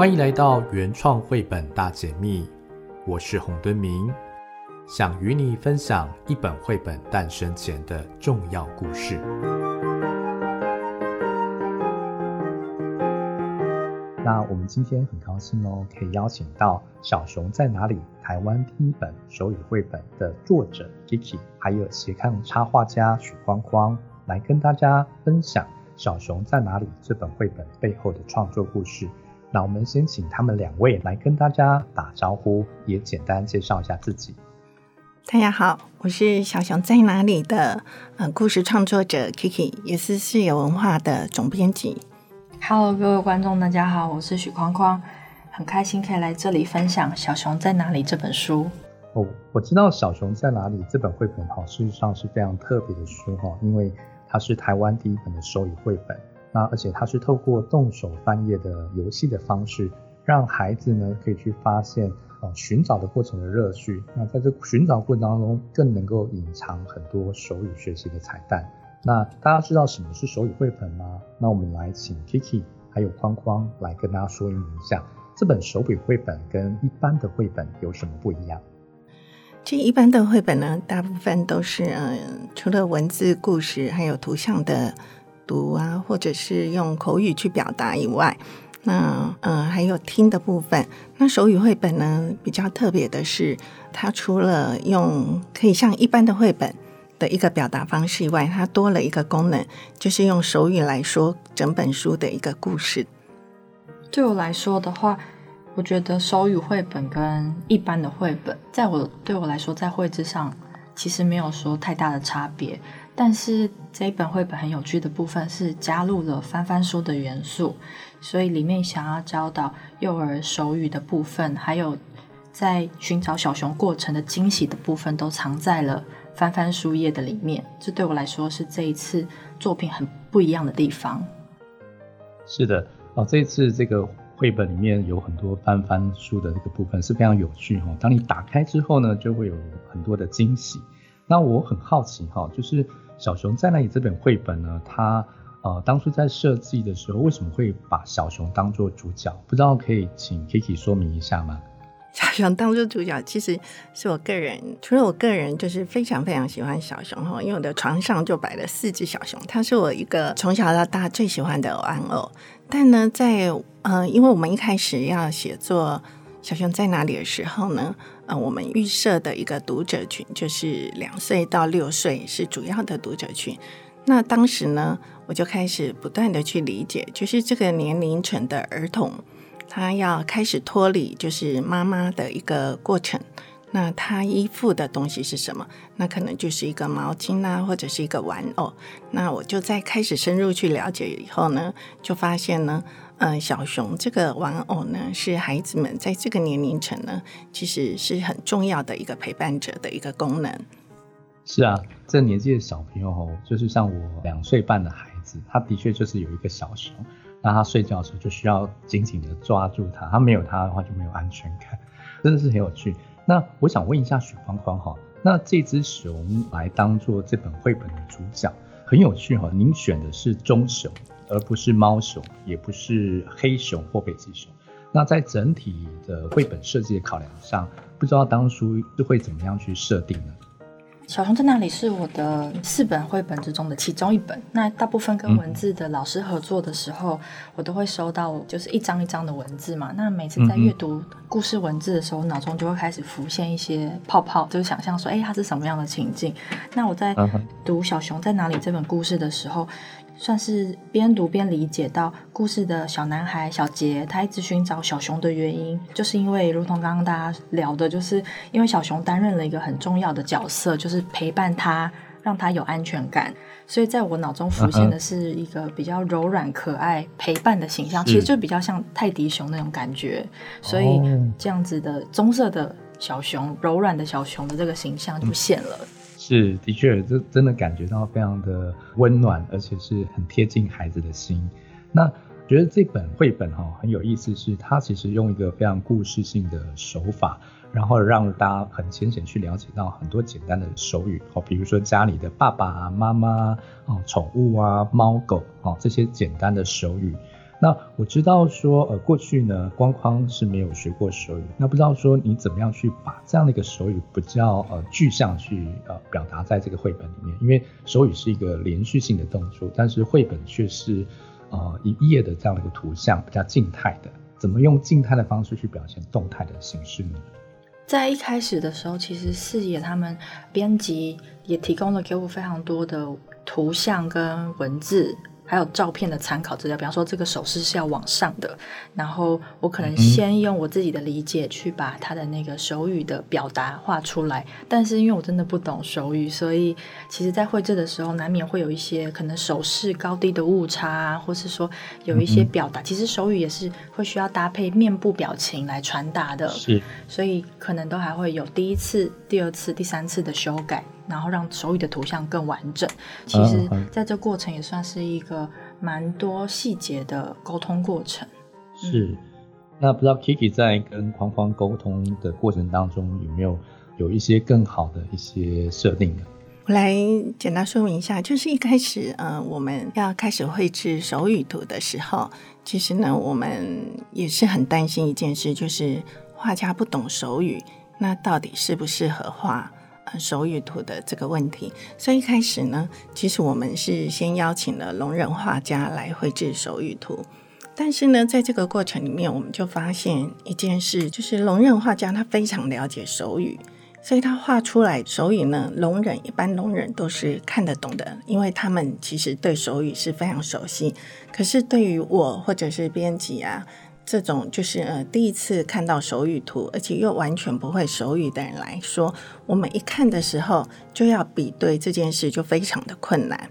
歡迎來到原創繪本大解密，我是洪敦明，想與你分享一本繪本誕生前的重要故事。那我們今天很高興哦，可以邀請到《小熊在哪裡》台灣第一本手語繪本的作者 Kiki，還有斜槓插畫家許匡匡來跟大家分享《小熊在哪裡》這本繪本背後的創作故事。那我們先請他們兩位來跟大家打招呼，也簡單介紹一下自己。大家好，我是《小熊在哪裡》的、呃、嗯故事創作者 Kiki，也是四也文化的總編輯。Hello，各位觀眾，大家好，我是許匡匡，很開心可以來這裡分享《小熊在哪裡》這本書。哦，我知道《小熊在哪裡》這本繪本哈，事實上是非常特別的書哈，因為它是台灣第一本的手語繪本。那而且它是透過動手翻頁的遊戲的方式，讓孩子呢可以去發現哦呃、尋找的過程的樂趣。那在這尋找過程當中，更能夠隱藏很多手語學習的彩蛋。那大家知道什麼是手語繪本嗎？那我們來請 Kiki 還有框框來跟大家說明一下，這本手語繪本跟一般的繪本有什麼不一樣？其實一般的繪本呢，大部分都是嗯、呃，除了文字故事，還有圖像的。讀啊，或者是用口語去表達以外，那嗯、呃，還有聽的部分。那手語繪本呢，比較特別的是，它除了用可以像一般的繪本的一個表達方式以外，它多了一個功能，就是用手語來說整本書的一個故事。對我來說的話，我覺得手語繪本跟一般的繪本，在我對我來說，在繪製上其實沒有說太大的差別。但是這一本繪本很有趣的部分是加入了翻翻書的元素，所以裡面想要教導幼兒手語的部分，還有在尋找小熊過程的驚喜的部分，都藏在了翻翻書頁的裡面。這對我來說是這一次作品很不一樣的地方。是的，哦，這一次這個繪本裡面有很多翻翻書的這個部分是非常有趣哈，哦。當你打開之後呢，就會有很多的驚喜。那我很好奇哈，哦，就是。小熊在哪裡？這本繪本呢？它呃，當初在設計的時候，為什麼會把小熊當做主角？不知道可以請 Kiki 說明一下嗎？小熊當做主角，其實是我個人，除了我個人，就是非常非常喜歡小熊吼，因為我的床上就擺了四隻小熊，它是我一個從小到大最喜歡的玩偶。O, 但呢，在呃，因為我們一開始要寫作《小熊在哪裡》的時候呢。啊、呃，我們預設的一個讀者群就是兩歲到六歲，是主要的讀者群。那當時呢，我就開始不斷的去理解，就是這個年齡層的兒童，他要開始脫離就是媽媽的一個過程。那他依附的東西是什麼？那可能就是一個毛巾啊，或者是一個玩偶。那我就在開始深入去了解以後呢，就發現呢，嗯、呃，小熊這個玩偶呢，是孩子們在這個年齡層呢，其實是很重要的一個陪伴者的一個功能。是啊，這年紀的小朋友哦，就是像我兩歲半的孩子，他的確就是有一個小熊，那他睡覺的時候就需要緊緊的抓住它，他沒有它的話就沒有安全感，真的是很有趣。那我想問一下許匡匡哈，那這隻熊來當做這本繪本的主角，很有趣哈、哦。您選的是棕熊，而不是貓熊，也不是黑熊或北極熊。那在整體的繪本設計的考量上，不知道當初是會怎麼樣去設定呢？小熊在哪裡是我的四本繪本之中的其中一本。那大部分跟文字的老師合作的時候，我都會收到，就是一張一張的文字嘛。那每次在閱讀故事文字的時候，腦中就會開始浮現一些泡泡，就是想象說，哎、欸，它是什麼樣的情境？那我在讀《小熊在哪裡》這本故事的時候。算是邊讀邊理解到故事的小男孩小杰，他一直尋找小熊的原因，就是因為如同剛剛大家聊的，就是因為小熊擔任了一個很重要的角色，就是陪伴他，讓他有安全感。所以在我腦中浮現的是一個比較柔軟、可愛、陪伴的形象，嗯嗯，其實就比較像泰迪熊那種感覺。是所以這樣子的棕色的小熊、柔軟的小熊的這個形象就出現了。嗯是的確，就真的感覺到非常的溫暖，而且是很貼近孩子的心。那覺得這本繪本哈、喔、很有意思是，是它其實用一個非常故事性的手法，然後讓大家很淺顯去了解到很多簡單的手語，哦、喔，比如說家裡的爸爸媽媽哦，寵物啊貓狗哦、喔、這些簡單的手語。那我知道說，呃，過去呢，匡匡是沒有學過手語。那不知道說你怎麼樣去把這樣的一個手語，比較呃具象去呃表達在這個繪本裡面，因為手語是一個連續性的動作，但是繪本卻是，呃一頁的這樣的一個圖像比較靜態的，怎麼用靜態的方式去表現動態的形式呢？在一開始的時候，其實四也他們編輯也提供了給我非常多的圖像跟文字。還有照片的參考資料，比方說這個手勢是要往上的。然後我可能先用我自己的理解去把他的那個手語的表達畫出來，嗯、但是因為我真的不懂手語，所以其實在繪製的時候難免會有一些可能手勢高低的誤差，啊，或是說有一些表達，嗯嗯其實手語也是會需要搭配面部表情來傳達的，是，所以可能都還會有第一次、第二次、第三次的修改。然後讓手語的圖像更完整，其實在這過程也算是一個蠻多細節的溝通過程。嗯、是，那不知道 Kiki 在跟匡匡溝通的過程當中有沒有有一些更好的一些設定呢？我來簡單說明一下，就是一開始，嗯、呃，我們要開始繪制手語圖的時候，其實呢，我們也是很擔心一件事，就是畫家不懂手語，那到底適不適合畫？手語圖的這個問題，所以一開始呢，其實我們是先邀請了聾人畫家來繪制手語圖，但是呢，在這個過程裡面，我們就發現一件事，就是聾人畫家他非常了解手語，所以他畫出來手語呢，聾人一般聾人都是看得懂的，因為他們其實對手語是非常熟悉。可是對於我或者是編輯啊，這種就是呃第一次看到手語圖，而且又完全不會手語的人來說，我們一看的時候就要比對這件事，就非常的困難。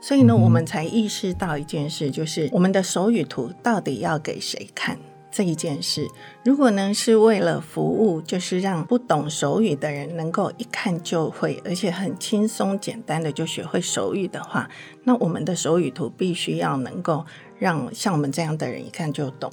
所以呢，我們才意識到一件事，就是我們的手語圖到底要給誰看這一件事。如果呢是為了服務，就是讓不懂手語的人能夠一看就會，而且很輕鬆簡單的就學會手語的話，那我們的手語圖必須要能夠讓像我們這樣的人一看就懂。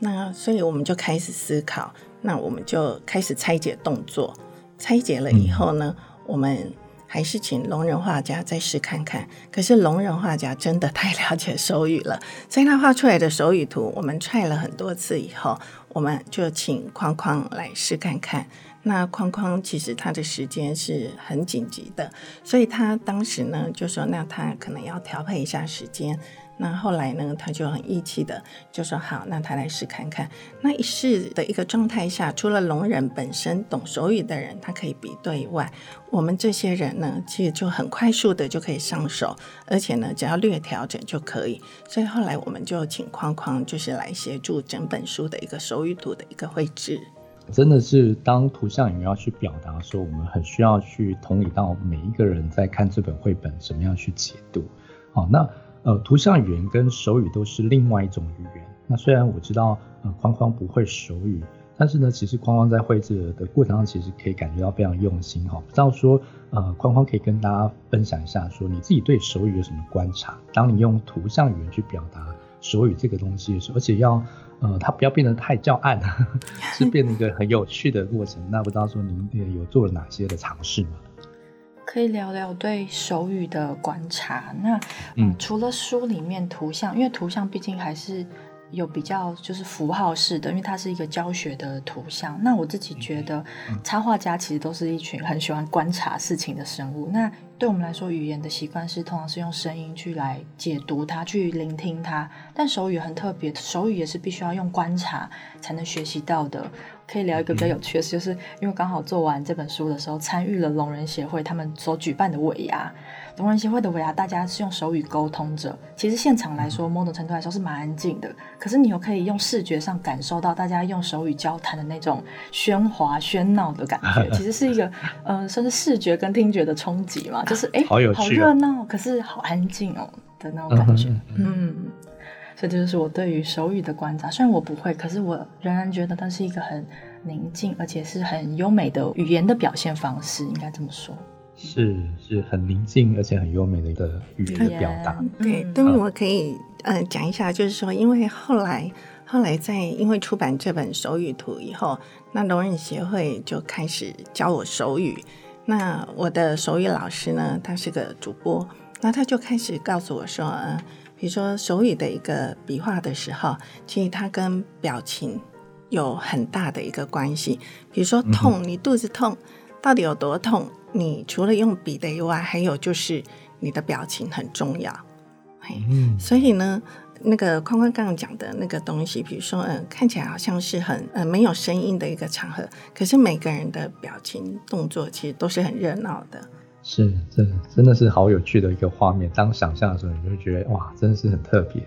那所以，我們就開始思考，那我們就開始拆解動作。拆解了以後呢，嗯、我們還是請聾人畫家再試看看。可是聾人畫家真的太了解手語了，所以他畫出來的手語圖，我們 try 了很多次以後，我們就請匡匡來試看看。那匡匡其實他的時間是很緊急的，所以他當時呢就說，那他可能要調配一下時間。那後來呢，他就很義氣的就說：“好，那他來試看看。”那一試的一個狀態下，除了聾人本身懂手語的人，他可以比對以外，我們這些人呢，其實就很快速的就可以上手，而且呢，只要略調整就可以。所以後來我們就請匡匡就是來協助整本書的一個手語圖的一個繪製。真的是當圖像也要去表達說，我們很需要去同理到每一個人在看這本繪本怎麼樣去解讀。好，那。呃，圖像語言跟手語都是另外一種語言。那雖然我知道呃，匡匡不會手語，但是呢，其實匡匡在繪製的過程上，其實可以感覺到非常用心哈。不知道說呃，匡匡可以跟大家分享一下，說你自己對手語有什麼觀察？當你用圖像語言去表達手語這個東西的時候，而且要呃，它不要變得太教案、啊， 是變成一個很有趣的過程。那不知道說您有做了哪些的嘗試嗎？可以聊聊對手語的觀察。那嗯、呃，除了書裡面圖像，因為圖像畢竟還是有比較就是符號式的，因為它是一個教學的圖像。那我自己覺得，插畫家其實都是一群很喜歡觀察事情的生物。那對我們來說，語言的習慣是通常是用聲音去來解讀它，去聆聽它。但手語很特別，手語也是必須要用觀察才能學習到的。可以聊一個比較有趣的事，嗯、就是因為剛好做完這本書的時候，參與了聾人協會他們所舉辦的尾牙。聾人協會的尾牙，大家是用手語溝通着，其實現場來說某種、嗯、程度來說是蠻安靜的。可是你又可以用視覺上感受到大家用手語交談的那種喧譁喧鬧的感覺，其實是一個 呃算是視覺跟聽覺的衝擊嘛，就是哎、啊、好有趣、哦欸，好熱鬧，可是好安靜哦的那種感覺，嗯、嗯。嗯這就是我對於手語的觀察。雖然我不會，可是我仍然覺得它是一個很寧靜，而且是很優美的語言的表現方式。應該這麼說，是是很寧靜而且很優美的一個語言的表達。對，等於、嗯、我可以呃講一下，就是說，因為後來後來在因為出版這本手語圖以後，那聾人協會就開始教我手語。那我的手語老師呢，他是個主播，那他就開始告訴我說，嗯、呃。比如說手語的一個比劃，的時候，其實它跟表情有很大的一個關係。比如說痛，嗯、哼你肚子痛到底有多痛？你除了用比的以外，還有就是你的表情很重要。嗯哼，所以呢，那個匡匡剛剛講的那個東西，比如說，嗯、呃，看起來好像是很嗯、呃、沒有聲音的一個場合，可是每個人的表情動作其實都是很熱鬧的。是，真的真的是好有趣的一個畫面。當想象的時候，你就會覺得哇，真的是很特別。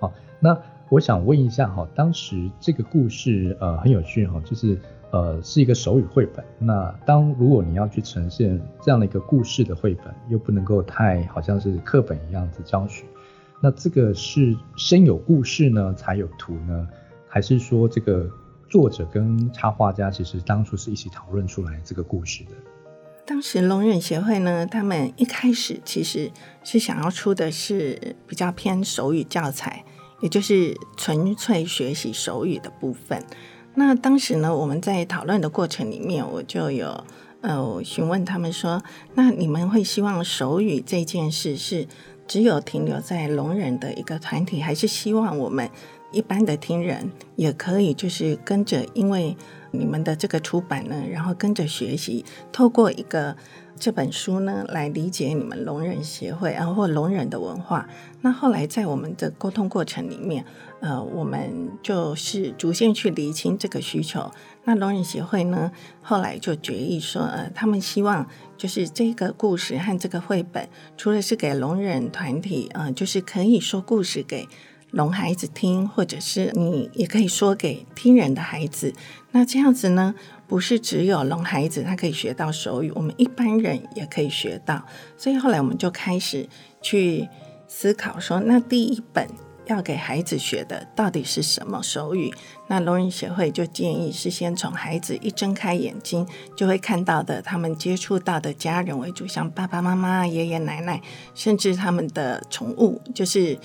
好，那我想問一下哈，當時這個故事呃很有趣哈，就是呃是一個手語繪本。那當如果你要去呈現這樣的一個故事的繪本，又不能夠太好像是課本一樣子教學，那這個是先有故事呢才有圖呢，還是說這個作者跟插畫家其實當初是一起討論出來這個故事的？當時聾人協會呢，他們一開始其實是想要出的是比較偏手語教材，也就是純粹學習手語的部分。那當時呢，我們在討論的過程裡面，我就有呃詢問他們說，那你們會希望手語這件事是只有停留在聾人的一個團體，還是希望我們一般的聽人也可以就是跟着？因為你們的這個出版呢，然後跟着學習，透過一個這本書呢來理解你們聾人協會，然、呃、或聾人的文化。那後來在我們的溝通過程裡面，呃，我們就是逐漸去釐清這個需求。那聾人協會呢，後來就決議說，呃，他們希望就是這個故事和這個繪本，除了是給聾人團體，呃，就是可以說故事給。聾孩子聽，或者是你也可以說給聽人的孩子。那這樣子呢，不是只有聾孩子他可以學到手語，我們一般人也可以學到。所以後來我們就開始去思考說，那第一本要給孩子學的到底是什麼手語？那聾人協會就建議是先從孩子一睜開眼睛就會看到的，他們接觸到的家人為主，像爸爸媽媽、爺爺奶奶，甚至他們的寵物，就是。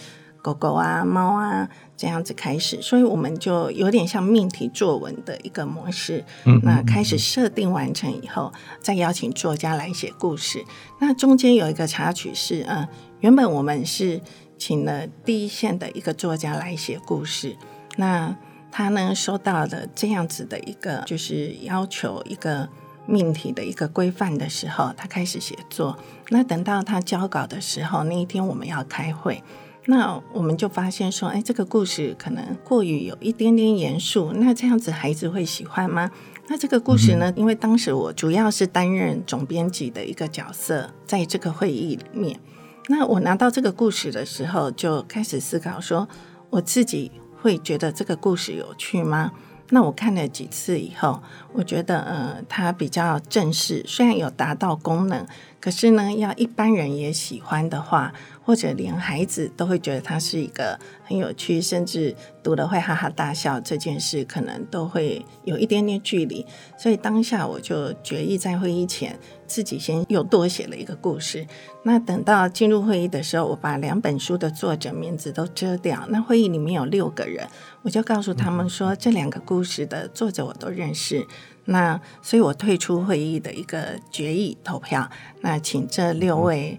狗狗啊，貓啊，這樣子開始，所以我們就有點像命題作文的一個模式。嗯嗯嗯嗯。那開始設定完成以後，再邀請作家來寫故事。那中間有一個插曲是，嗯，原本我們是請了第一線的一個作家來寫故事，那他呢，收到了這樣子的一個就是要求一個命題的一個規範的時候，他開始寫作。那等到他交稿的時候，那一天我們要開會。那我們就發現說，哎，這個故事可能過於有一點點嚴肅，那這樣子孩子會喜歡嗎？那這個故事呢，因為當時我主要是擔任總編輯的一個角色，在這個會議裡面，那我拿到這個故事的時候，就開始思考說，我自己會覺得這個故事有趣嗎？那我看了幾次以後，我覺得呃，它比較正式，雖然有達到功能，可是呢，要一般人也喜歡的話。或者連孩子都會覺得他是一個很有趣，甚至讀了會哈哈大笑這件事，可能都會有一點點距離。所以當下我就決議在會議前自己先又多寫了一個故事。那等到進入會議的時候，我把兩本書的作者名字都遮掉。那會議裡面有六個人，我就告訴他們說，這兩個故事的作者我都認識。那所以我退出會議的一個決議投票。那請這六位。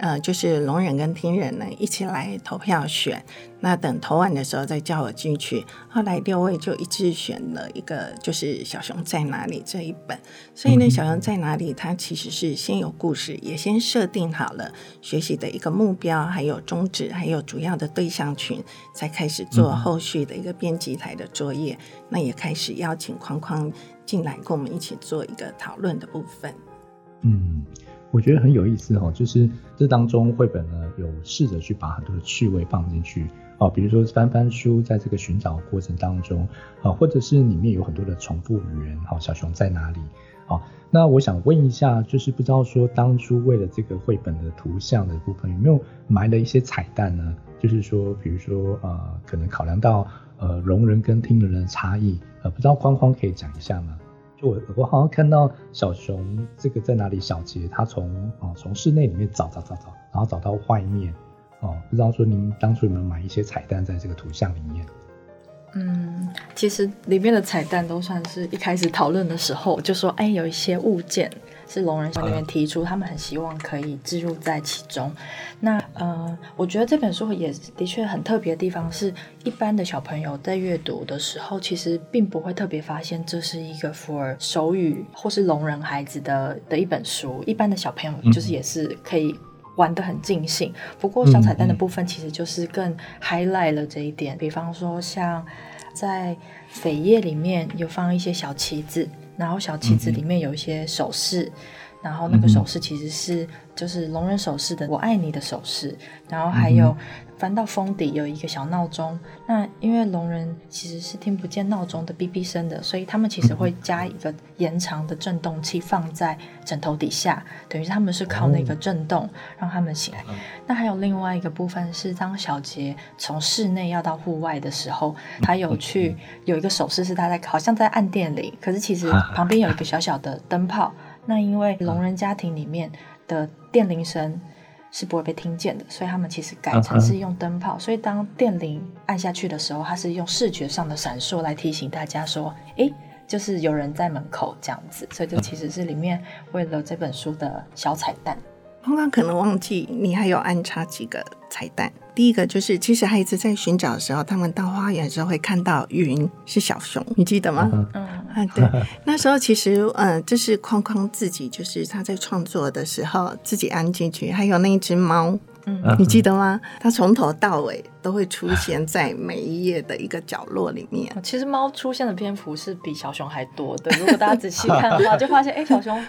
呃，就是聾人跟聽人呢一起來投票選，那等投完的時候再叫我進去。後來六位就一致選了一個，就是《小熊在哪裡》這一本。所以呢，《小熊在哪裡》它其實是先有故事，嗯、哼也先設定好了學習的一個目標，還有宗旨，還有主要的對象群，才開始做後續的一個編輯台的作業。嗯、哼那也開始邀請匡匡進來，跟我們一起做一個討論的部分。嗯。我覺得很有意思哈，就是這當中繪本呢有試着去把很多的趣味放進去哦，比如說翻翻書，在這個尋找過程當中啊，或者是裡面有很多的重複語言，哈，小熊在哪裡啊？那我想問一下，就是不知道說當初為了這個繪本的圖像的部分，有沒有埋了一些彩蛋呢？就是說，比如說呃可能考量到呃聾人跟聽人的差異，呃，不知道匡匡可以講一下嗎？我，我好像看到小熊這個在哪裡小？小杰他從啊，從、哦、室內裡面找找找找，然後找到外面。哦，不知道說您當初有沒有埋一些彩蛋在這個圖像裡面？嗯，其實裡面的彩蛋都算是一開始討論的時候就說，哎，有一些物件。是聾人小朋友提出，他們很希望可以置入在其中。那呃，我覺得這本書也的確很特別的地方是，一般的小朋友在閱讀的時候，其實並不會特別發現這是一個 for 手語或是聾人孩子的的一本書。一般的小朋友就是也是可以玩得很盡興。不過小彩蛋的部分，其實就是更 highlight 了這一點。比方說像在扉頁裡面有放一些小旗子。然後小旗子裡面有一些手勢。嗯哼然後那個手勢其實是就是聾人手勢的“我愛你”的手勢。然後還有翻到封底有一個小鬧鐘。那因為聾人其實是聽不見鬧鐘的嗶嗶聲的，所以他們其實會加一個延長的震動器放在枕頭底下，等於是他們是靠那個震動讓他們醒來。那還有另外一個部分是當小杰從室內要到戶外的時候，他有去有一個手勢是他在好像在按電鈴，可是其實旁邊有一個小小的燈泡。那因為聾人家庭裡面的電鈴聲是不會被聽見的，所以他們其實改成是用燈泡。所以當電鈴按下去的時候，它是用視覺上的閃爍來提醒大家說，誒、欸，就是有人在門口這樣子。所以就其實是裡面為了這本書的小彩蛋。框框，可能忘記，你還有安插幾個彩蛋。第一個就是，其實孩子在尋找的時候，他們到花園的時候會看到雲是小熊，你記得嗎？嗯嗯、啊、對，那時候其實，嗯、呃，這、就是框框自己，就是他在創作的時候自己安進去，還有那一隻貓。嗯，你記得嗎？它從頭到尾都會出現在每一頁的一個角落裡面。其實貓出現的篇幅是比小熊還多的。如果大家仔細看的話，就發現哎、 欸，小熊，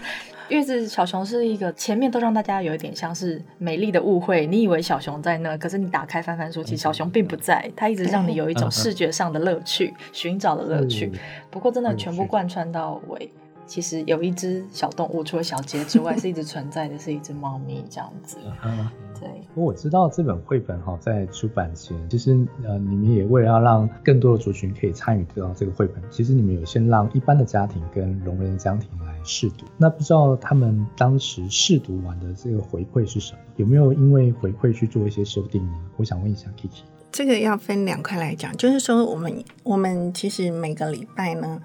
月子，小熊是一個前面都讓大家有一點像是美麗的誤會，你以為小熊在那，可是你打開翻翻書，其實小熊並不在，它一直讓你有一種視覺上的樂趣、尋找的樂趣。不過真的全部貫穿到尾。其實有一只小動物，除了小杰之外， 是一直存在的，是一只貓咪這樣子。啊、uh，huh. 對。我知道這本繪本哈在出版前，其實呃你們也為了要讓更多的族群可以參與得到這個繪本，其實你們有先讓一般的家庭跟聾人家庭來試讀。那不知道他們當時試讀完的這個回饋是什麼？有沒有因為回饋去做一些修訂呢？我想問一下 Kiki。這個要分兩塊來講，就是說，我們我們其實每個禮拜呢。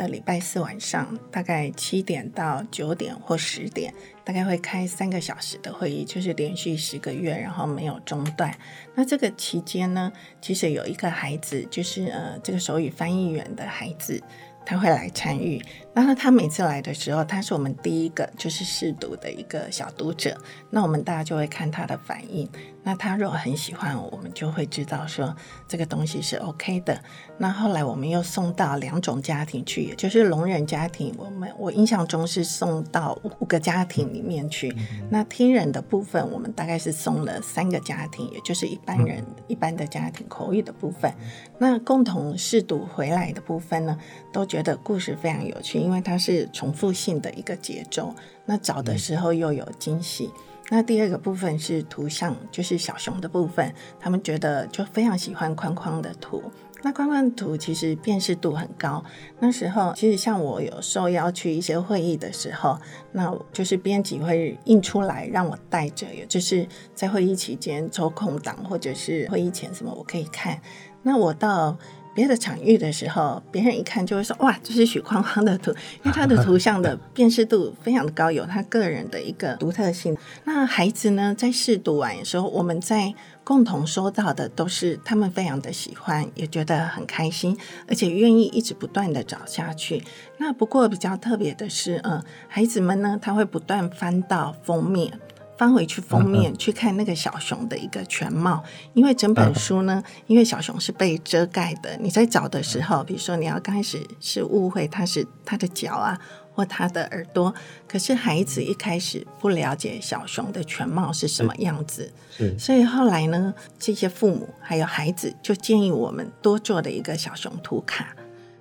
在禮拜四晚上，大概七點到九點或十點，大概會開三個小時的會議，就是連續十個月，然後沒有中斷。那這個期間呢，其實有一個孩子，就是呃這個手語翻譯員的孩子，他會來參與。那他每次來的時候，他是我們第一個就是試讀的一個小讀者，那我們大家就會看他的反應。那他若很喜歡，我們就會知道說這個東西是 OK 的。那後來我們又送到兩種家庭去，也就是聾人家庭。我們我印象中是送到五個家庭裡面去。那聽人的部分，我們大概是送了三個家庭，也就是一般人、嗯、一般的家庭口語的部分。那共同試讀回來的部分呢，都覺得故事非常有趣，因為它是重複性的一個節奏。那找的時候又有驚喜。嗯那第二個部分是圖像，就是小熊的部分。他們覺得就非常喜歡匡匡的圖。那匡匡圖其實辨識度很高。那時候其實像我有受邀去一些會議的時候，那就是編輯會印出來讓我帶着，也就是在會議期間抽空檔或者是會議前什麼我可以看。那我到別的場域的時候，別人一看就會說：“哇，這是許匡匡的圖，因為他的圖像的辨識度非常的高，有他個人的一個獨特性。”那孩子呢，在試讀完的時候，我們在共同說到的都是他們非常的喜歡，也覺得很開心，而且願意一直不斷地找下去。那不過比較特別的是，嗯、呃，孩子們呢，他會不斷翻到封面。翻回去封面，嗯、去看那個小熊的一個全貌，因為整本書呢，嗯，因為小熊是被遮蓋的。你在找的時候，嗯，比如說你要剛開始是誤會它是它的腳啊，或它的耳朵，可是孩子一開始不了解小熊的全貌是什麼樣子。嗯，所以後來呢，這些父母還有孩子就建議我們多做的一個小熊圖卡，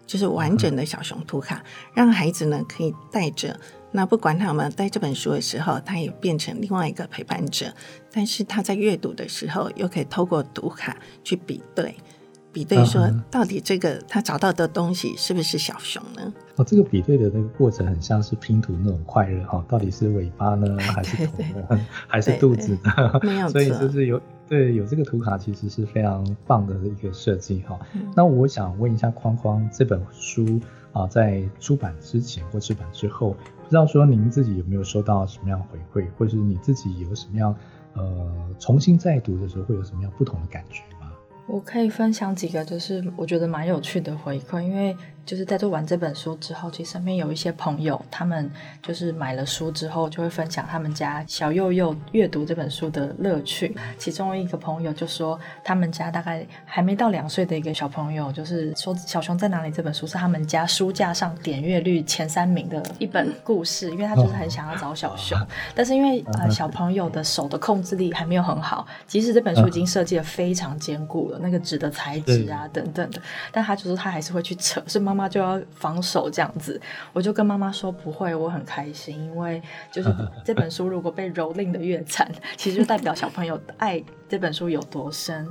就是完整的小熊圖卡，嗯，讓孩子呢可以帶着。那不管他有沒有帶這本書的時候，他也變成另外一個陪伴者。但是他在閱讀的時候，又可以透過圖卡去比對，比對說到底這個他找到的東西是不是小熊呢？嗯、哦，這個比對的那個過程很像是拼圖那種快樂哈、哦，到底是尾巴呢，還是頭呢，對對對，還是肚子呢？對對對沒有錯。所以就是有對有這個圖卡，其實是非常棒的一個設計哈。那我想問一下匡匡這本書。啊，在出版之前或出版之後，不知道說您自己有沒有收到什麼樣回饋，或是你自己有什麼樣，呃，重新再讀的時候會有什麼樣不同的感覺嗎？我可以分享幾個，就是我覺得蠻有趣的回饋，因為。就是在做完這本書之後，其實身邊有一些朋友，他們就是買了書之後，就會分享他們家小幼幼閱讀這本書的樂趣。其中一個朋友就說，他們家大概還沒到兩歲的一個小朋友，就是說小熊在哪裡這本書是他們家書架上點閱率前三名的一本故事，因為他就是很想要找小熊。但是因為呃小朋友的手的控制力還沒有很好，即使這本書已經設計得非常堅固了，那個紙的材質啊等等的，對但他就是他還是會去扯，是媽媽。媽媽就要防守這樣子，我就跟媽媽說不會，我很開心，因為就是這本書如果被蹂躪的越慘，其實就代表小朋友愛這本書有多深。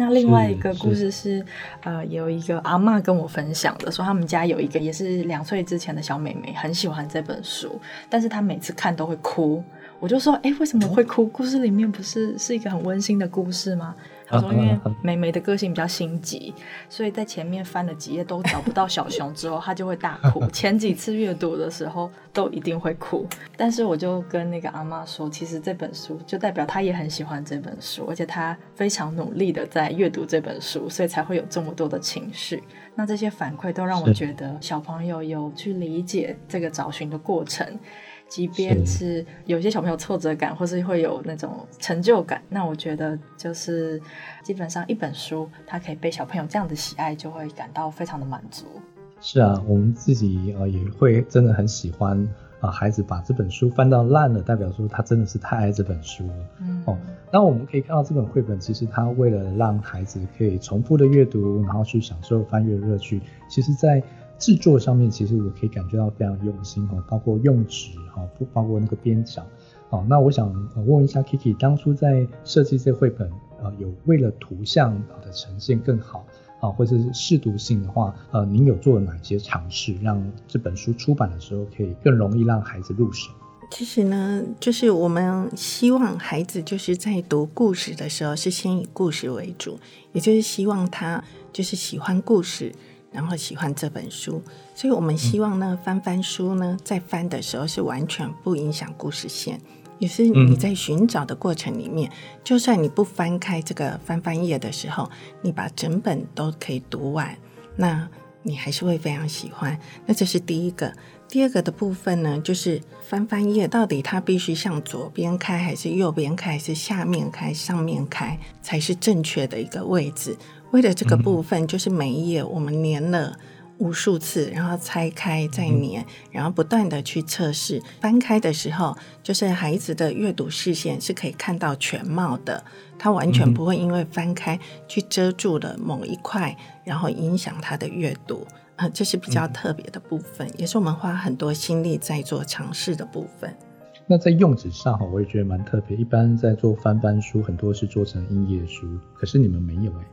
那另外一個故事是，是是呃，有一個阿媽跟我分享的，說他們家有一個也是兩歲之前的小妹妹很喜歡這本書，但是她每次看都會哭。我就說，哎，為什麼會哭？故事裡面不是是一個很溫馨的故事嗎？因為妹妹的個性比較心急，所以在前面翻了幾頁都找不到小熊之後，她就會大哭。前幾次閱讀的時候都一定會哭，但是我就跟那個阿媽說，其實這本書就代表她也很喜歡這本書，而且她非常努力的在閱讀這本書，所以才會有這麼多的情緒。那這些反饋都讓我覺得小朋友有去理解這個找尋的過程。”即便是有些小朋友挫折感，是或是會有那種成就感，那我覺得就是基本上一本書，它可以被小朋友這樣的喜愛，就會感到非常的滿足。是啊，我們自己呃也會真的很喜歡啊，呃，孩子把這本書翻到爛了，代表說他真的是太愛這本書了。嗯。哦，那我們可以看到這本繪本，其實他為了讓孩子可以重複的閱讀，然後去享受翻閱的樂趣，其實在。製作上面其實我可以感覺到非常用心哈，包括用紙哈，不包括那個邊角，好，那我想問，問一下 Kiki，當初在設計這繪本，有為了圖像的呈現更好啊，或者是適讀性的話，呃，您有做哪些嘗試，讓這本書出版的時候可以更容易讓孩子入手？其實呢，就是我們希望孩子就是在讀故事的時候是先以故事為主，也就是希望他就是喜歡故事。然後喜歡這本書，所以我們希望呢，翻翻書呢，在翻的時候是完全不影響故事線，也是你在尋找的過程裡面，就算你不翻開這個翻翻頁的時候，你把整本都可以讀完，那你還是會非常喜歡。那這是第一個，第二個的部分呢，就是翻翻頁到底它必須向左邊開，還是右邊開，還是下面開，上面開，才是正確的一個位置。為了這個部分，嗯、就是每一頁我們粘了無數次，然後拆開再粘，嗯、然後不斷的去測試。翻開的時候，就是孩子的閱讀視線是可以看到全貌的，它完全不會因為翻開去遮住了某一塊，然後影響他的閱讀。嗯、呃，這是比較特別的部分，嗯、也是我們花很多心力在做嘗試的部分。那在用紙上哈，我也覺得蠻特別。一般在做翻翻書，很多是做成硬頁書，可是你們沒有、欸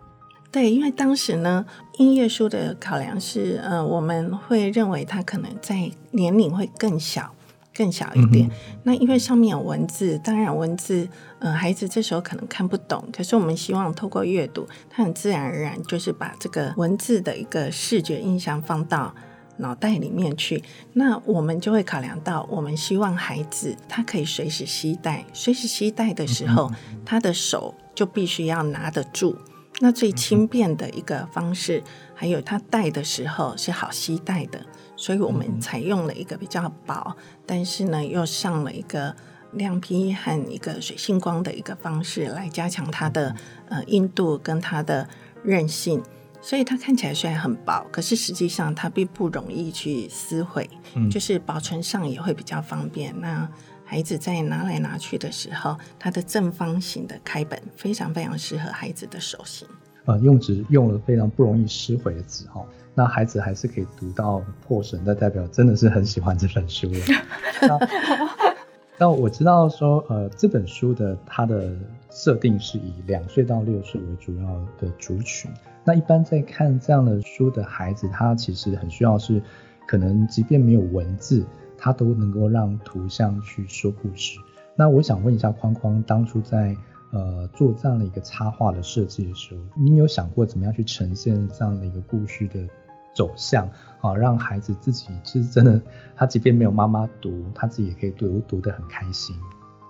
對，因為當時呢，音樂書的考量是，呃，我們會認為他可能在年齡會更小，更小一點。嗯、哼那因為上面有文字，當然文字，呃，孩子這時候可能看不懂。可是我們希望透過閱讀，他很自然而然就是把這個文字的一個視覺印象放到腦袋裡面去。那我們就會考量到，我們希望孩子他可以隨時攜帶，隨時攜帶的時候，嗯、哼他的手就必須要拿得住。那最輕便的一個方式，嗯、哼還有它帶的時候是好攜帶的，所以我們採用了一個比較薄，嗯、哼但是呢又上了一個亮皮和一個水性光的一個方式來加強它的、嗯、哼呃硬度跟它的韌性，所以它看起來雖然很薄，可是實際上它並不容易去撕毀，嗯、就是保存上也會比較方便。那孩子在拿來拿去的時候，它的正方形的開本非常非常適合孩子的手型。呃，用紙用了非常不容易撕毀的紙哈，那孩子還是可以讀到破損，那代表真的是很喜歡這本書了。 那我知道說，呃，這本書的它的設定是以兩歲到六歲為主要的族群。那一般在看這樣的書的孩子，他其實很需要是，可能即便沒有文字。它都能夠讓圖像去說故事。那我想問一下，匡匡當初在呃做這樣的一個插畫的設計的時候，你有想過怎麼樣去呈現這樣的一個故事的走向啊，讓孩子自己其實真的，他即便沒有媽媽讀，他自己也可以讀，讀得很開心。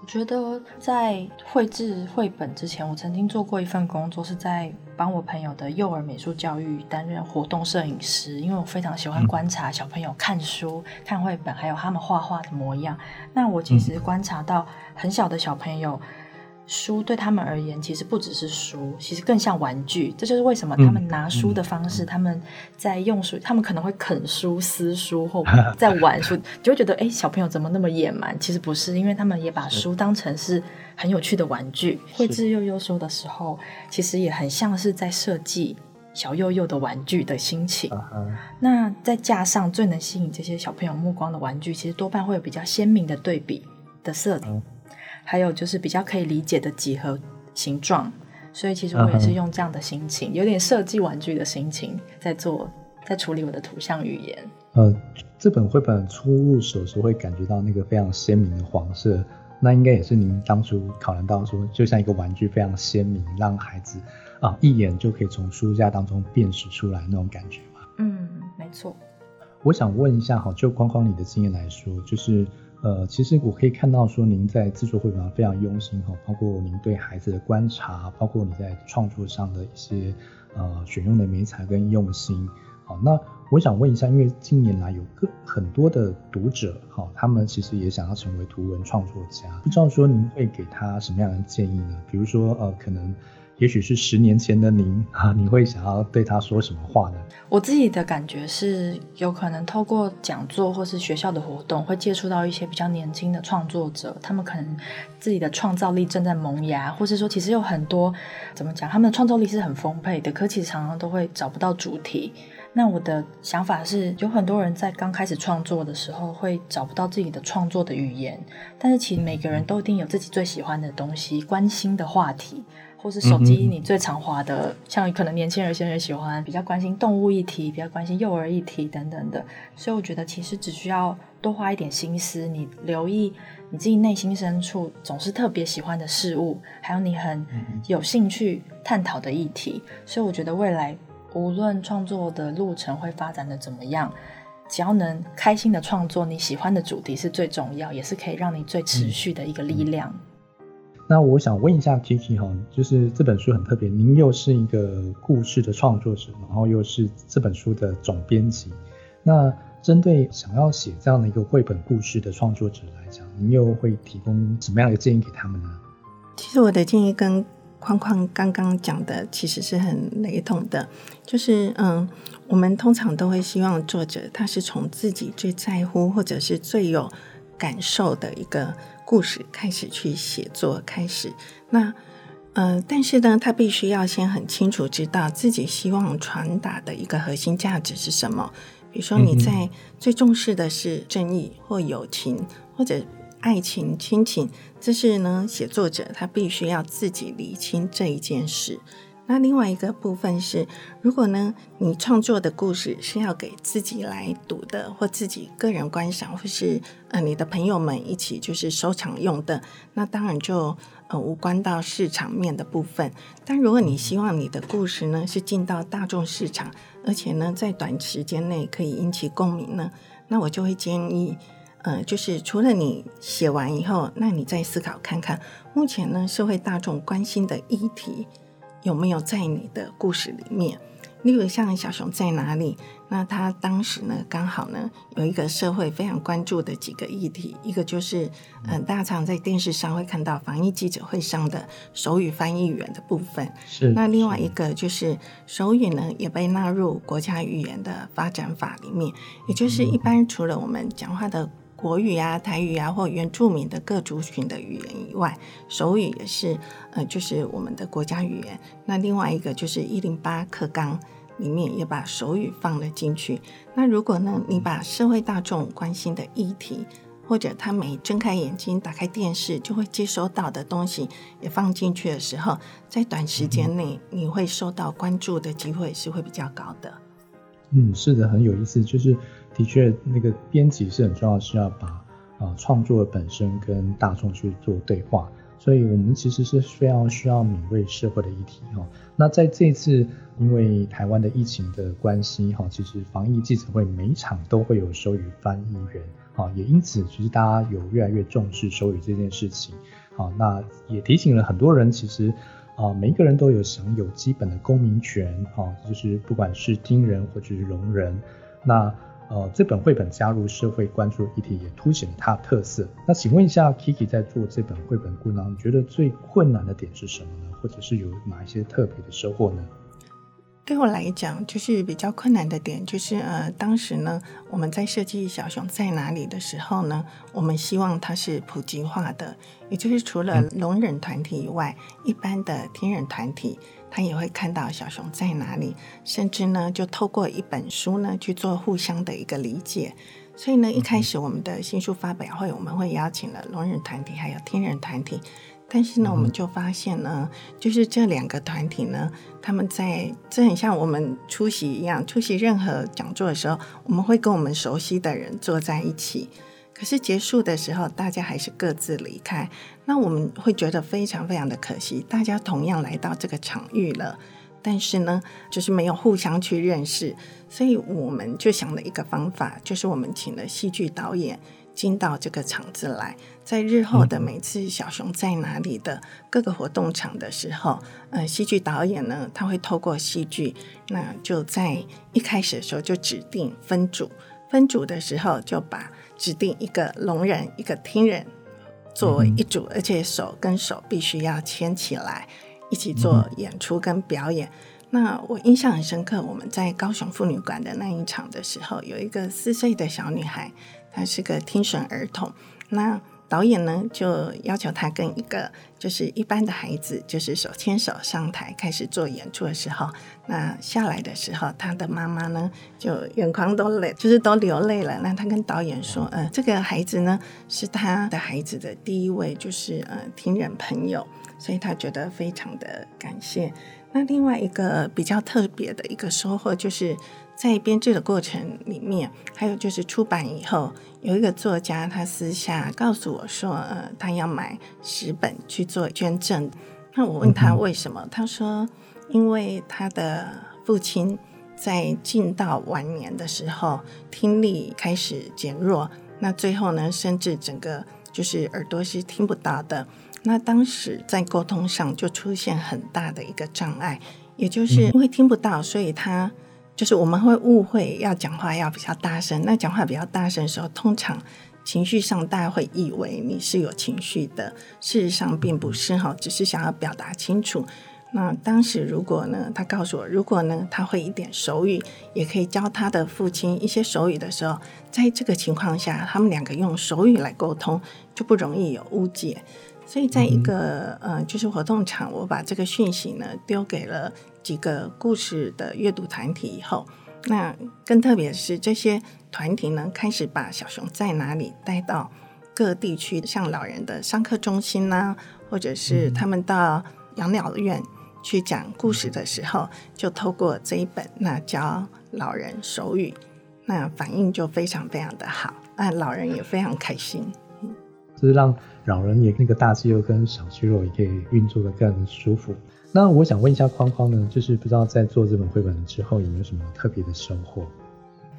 我覺得在繪製繪本之前，我曾經做過一份工作，是在幫我朋友的幼兒美術教育擔任活動攝影師。因為我非常喜歡觀察小朋友看書、看繪本，還有他們畫畫的模樣。那我其實觀察到很小的小朋友。書對他們而言，其實不只是書，其實更像玩具。這就是為什麼他們拿書的方式，嗯嗯嗯、他們在用書，他們可能會啃書、撕書或在玩書。你 會覺得，哎、欸，小朋友怎麼那麼野蠻？其實不是，因為他們也把書當成是很有趣的玩具。是繪制幼幼書的時候，其實也很像是在設計小幼幼的玩具的心情。Uh huh. 那再加上最能吸引這些小朋友目光的玩具，其實多半會有比較鮮明的對比的設定。Uh huh. 還有就是比較可以理解的幾何形狀，所以其實我也是用這樣的心情，uh huh. 有點設計玩具的心情，在做，在處理我的圖像語言。呃，這本繪本初入手時會感覺到那個非常鮮明的黃色，那應該也是您當初考量到說，就像一個玩具非常鮮明，讓孩子啊一眼就可以從書架當中辨識出來那種感覺？嗯，沒錯。我想問一下好就匡匡你的經驗來說，就是。呃，其實我可以看到說您在製作繪本上非常用心哈，包括您對孩子的觀察，包括你在創作上的一些呃選用的媒材跟用心。好，那我想問一下，因為近年來有個很多的讀者哈，他們其實也想要成為圖文創作家。不知道說您會給他什麼樣的建議呢？比如說呃，可能。也許是十年前的您啊，你會想要對他說什麼話呢？我自己的感覺是，有可能透過講座或是學校的活動，會接觸到一些比較年輕的創作者，他們可能自己的創造力正在萌芽，或是說其實有很多怎麼講，他們的創造力是很豐沛的，可其實常常都會找不到主題。那我的想法是，有很多人在剛開始創作的時候會找不到自己的創作的語言，但是其實每個人都一定有自己最喜歡的東西、嗯、關心的話題。或是手機，你最常滑的，嗯、哼像可能年輕人現在喜歡比較關心動物議題，比較關心幼兒議題等等的，所以我覺得其實只需要多花一點心思，你留意你自己內心深處總是特別喜歡的事物，還有你很有興趣探討的議題，嗯、哼所以我覺得未來無論創作的路程會發展的怎麼樣，只要能開心的創作你喜歡的主題是最重要，也是可以讓你最持續的一個力量。嗯嗯那我想問一下 Kiki 哈，就是這本書很特別，您又是一個故事的創作者，然後又是這本書的總編輯。那針對想要寫這樣的一個繪本故事的創作者來講，您又會提供什麼樣的建議給他們呢？其實我的建議跟匡匡剛剛講的其實是很雷同的，就是嗯，我們通常都會希望作者他是從自己最在乎或者是最有感受的一個故事開始去寫作開始。那，呃，但是呢，他必須要先很清楚知道自己希望傳達的一個核心價值是什麼。比如說，你在最重視的是正義或友情或者愛情親情，這是呢，寫作者他必須要自己釐清這一件事。那另外一個部分是，如果呢，你創作的故事是要給自己來讀的，或自己個人觀賞，或是呃你的朋友們一起就是收藏用的，那當然就呃無關到市場面的部分。但如果你希望你的故事呢是進到大眾市場，而且呢在短時間內可以引起共鳴呢，那我就會建議，呃，就是除了你寫完以後，那你再思考看看，目前呢社會大眾關心的議題。有沒有在你的故事裡面？例如像小熊在哪裡？那他當時呢，剛好呢有一個社會非常關注的幾個議題，一個就是嗯、呃，大家常在電視上會看到防疫記者會上的手語翻譯員的部分。是，是。那另外一個就是手語呢也被納入國家語言的發展法裡面，也就是一般除了我們講話的。國語啊、台語啊，或原住民的各族群的語言以外，手語也是，呃，就是我們的國家語言。那另外一個就是一零八課綱裡面也把手語放了進去。那如果呢，你把社會大眾關心的議題，或者他每睜開眼睛、打開電視就會接收到的東西也放進去的時候，在短時間內你會受到關注的機會是會比較高的。嗯，是的，很有意思，就是。的確，那個編輯是很重要，是要把啊創、呃、作的本身跟大眾去做對話。所以，我們其實是非常需要敏銳社會的議題哈、哦。那在這一次，因為台灣的疫情的關係哈、哦，其實防疫記者會每一場都會有手語翻譯員啊、哦，也因此其實大家有越來越重視手語這件事情、哦、那也提醒了很多人，其實啊、哦、每一個人都有享有基本的公民權哈、哦，就是不管是聽人或者是聾人那。呃，這本繪本加入社會關注議題，也凸顯了它的特色。那請問一下，Kiki 在做這本繪本故能，你覺得最困難的點是什麼呢？或者是有哪一些特別的收穫呢？對我來講，就是比較困難的點，就是呃，當時呢，我們在設計《小熊在哪裡》的時候呢，我們希望它是普及化的，也就是除了聾人團體以外，一般的聽人團體。他也會看到小熊在哪裡，甚至呢，就透過一本書呢去做互相的一個理解。所以呢，一開始我們的新書發表會，我們會邀請了聾人團體還有聽人團體，但是呢，我們就發現呢，就是這兩個團體呢，他們在這很像我們出席一樣，出席任何講座的時候，我們會跟我們熟悉的人坐在一起。可是結束的時候，大家還是各自離開。那我們會覺得非常非常的可惜。大家同樣來到這個場域了，但是呢，就是沒有互相去認識。所以我們就想了一個方法，就是我們請了戲劇導演進到這個場子來，在日後的每次小熊在哪裡的各個活動場的時候，嗯、呃，戲劇導演呢，他會透過戲劇，那就在一開始的時候就指定分組，分組的時候就把。指定一個聾人、一個聽人作為一組，而且手跟手必須要牽起來，一起做演出跟表演。Mm hmm. 那我印象很深刻，我們在高雄婦女館的那一場的時候，有一個四歲的小女孩，她是個聽損兒童。那導演呢，就要求他跟一個就是一般的孩子，就是手牽手上台開始做演出的時候，那下來的時候，他的媽媽呢就眼眶都淚就是都流淚了。那他跟導演說，呃，這個孩子呢是他的孩子的第一位，就是嗯、呃，聽人朋友，所以他覺得非常的感謝。那另外一個比較特別的一個收穫，就是在編製的過程裡面，還有就是出版以後，有一個作家他私下告訴我說：“呃，他要買十本去做捐贈。”那我問他為什麼，嗯、哼他說：“因為他的父親在進到晚年的時候，聽力開始減弱，那最後呢，甚至整個就是耳朵是聽不到的。”那當時在溝通上就出現很大的一個障礙，也就是因為聽不到，嗯、所以他就是我們會誤會要講話要比較大聲。那講話比較大聲的時候，通常情緒上大家會以為你是有情緒的，事實上並不是哈，只是想要表達清楚。那當時如果呢，他告訴我，如果呢他會一點手語，也可以教他的父親一些手語的時候，在這個情況下，他們兩個用手語來溝通，就不容易有誤解。所以，在一個、嗯、哼呃，就是活動場，我把這個訊息呢丟給了幾個故事的閱讀團體以後，那更特別是這些團體呢，開始把小熊在哪裡帶到各地區，像老人的上課中心吶、啊，或者是他們到養老院去講故事的時候，嗯、哼就透過這一本，那教老人手語，那反應就非常非常的好，那老人也非常開心。就是讓老人也那個大肌肉跟小肌肉也可以運作得更舒服。那我想問一下匡匡呢，就是不知道在做這本繪本之後有沒有什麼特別的收穫？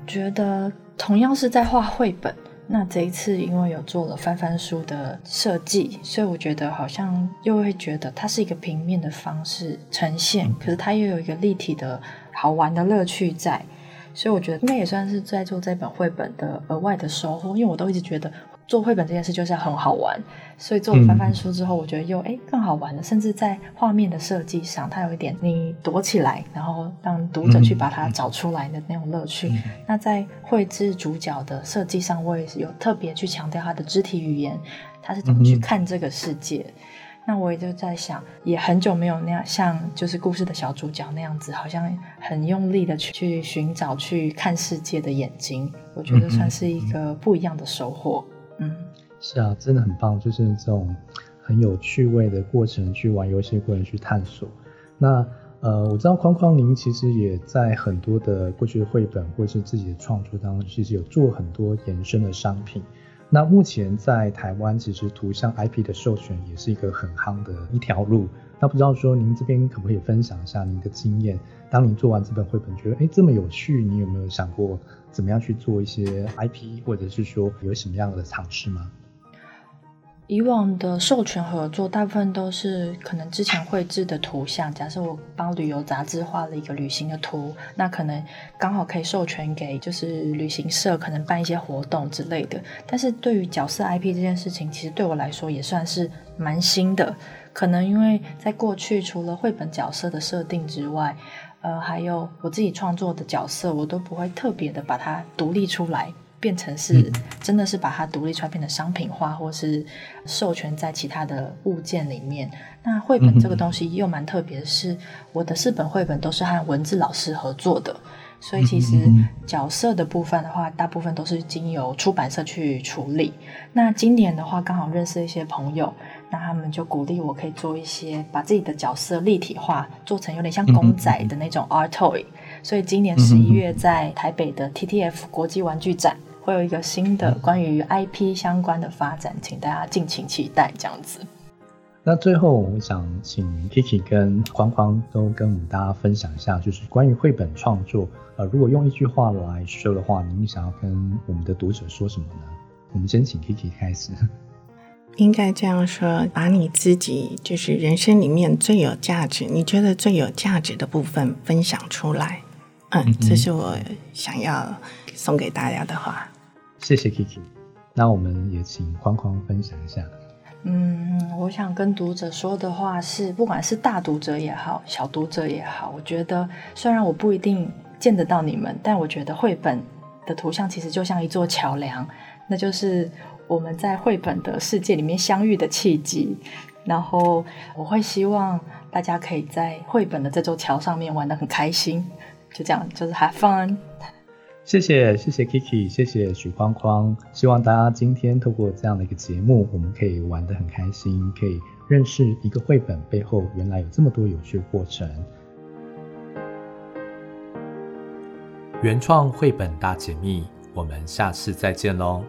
覺得同樣是在畫繪本，那這一次因為有做了翻翻書的設計，所以我覺得好像又會覺得它是一個平面的方式呈現，Okay. 可是它又有一個立體的好玩的樂趣在，所以我覺得應該也算是在做這本繪本的額外的收穫，因為我都一直覺得。做繪本這件事就是要很好玩，所以做了翻翻書之後，嗯、我覺得又誒更好玩了。甚至在畫面的設計上，它有一點你躲起來，然後讓讀者去把它找出來的那種樂趣。嗯、那在繪製主角的設計上，我也是有特別去強調他的肢體語言，他是怎麼去看這個世界。嗯、那我也就在想，也很久沒有那樣像就是故事的小主角那樣子，好像很用力的去去尋找、去看世界的眼睛。我覺得算是一個不一樣的收穫。嗯嗯嗯，是啊，真的很棒，就是這種很有趣味的過程，去玩遊戲過程去探索。那呃，我知道匡匡您其實也在很多的過去的繪本或者是自己的創作當中，其實有做很多延伸的商品。那目前在台灣其實圖像 IP 的授權也是一個很夯的一條路。那不知道說您這邊可不可以分享一下您的經驗？當您做完這本繪本，覺得欸，這麼有趣，你有沒有想過？怎麼樣去做一些 IP，或者是說有什麼樣的嘗試嗎？以往的授權合作，大部分都是可能之前繪製的圖像。假設我幫旅遊雜誌畫了一個旅行的圖，那可能剛好可以授權給就是旅行社，可能辦一些活動之類的。但是對於角色 IP 這件事情，其實對我來說也算是蠻新的。可能因為在過去，除了繪本角色的設定之外。呃，還有我自己創作的角色，我都不會特別的把它獨立出來，變成是真的是把它獨立出來變得商品化，或是授權在其他的物件裡面。那繪本這個東西又蠻特別，是我的四本繪本都是和文字老師合作的。所以其實角色的部分的話，大部分都是經由出版社去處理。那今年的話，剛好認識一些朋友，那他們就鼓勵我可以做一些把自己的角色立體化，做成有點像公仔的那種 art toy。所以今年十一月在台北的 TTF 國際玩具展，會有一個新的關於 IP 相關的發展，請大家敬請期待，這樣子。那最後，我想請 Kiki 跟匡匡都跟我們大家分享一下，就是關於繪本創作。呃，如果用一句話來說的話，你想要跟我們的讀者說什麼呢？我們先請 Kiki 開始。應該這樣說：把你自己就是人生裡面最有價值、你覺得最有價值的部分分享出來。嗯，嗯嗯，這是我想要送給大家的話。謝謝 Kiki。那我們也請匡匡分享一下。嗯，我想跟讀者說的話是，不管是大讀者也好，小讀者也好，我覺得雖然我不一定見得到你們，但我覺得繪本的圖像其實就像一座橋梁，那就是我們在繪本的世界裡面相遇的契機。然後我會希望大家可以在繪本的這座橋上面玩得很開心，就這樣，就是 have fun。謝謝，謝謝 Kiki，謝謝許匡匡。希望大家今天透過這樣的一個節目，我們可以玩得很開心，可以認識一個繪本背後原來有這麼多有趣的過程。原創繪本大解密，我們下次再見嘍。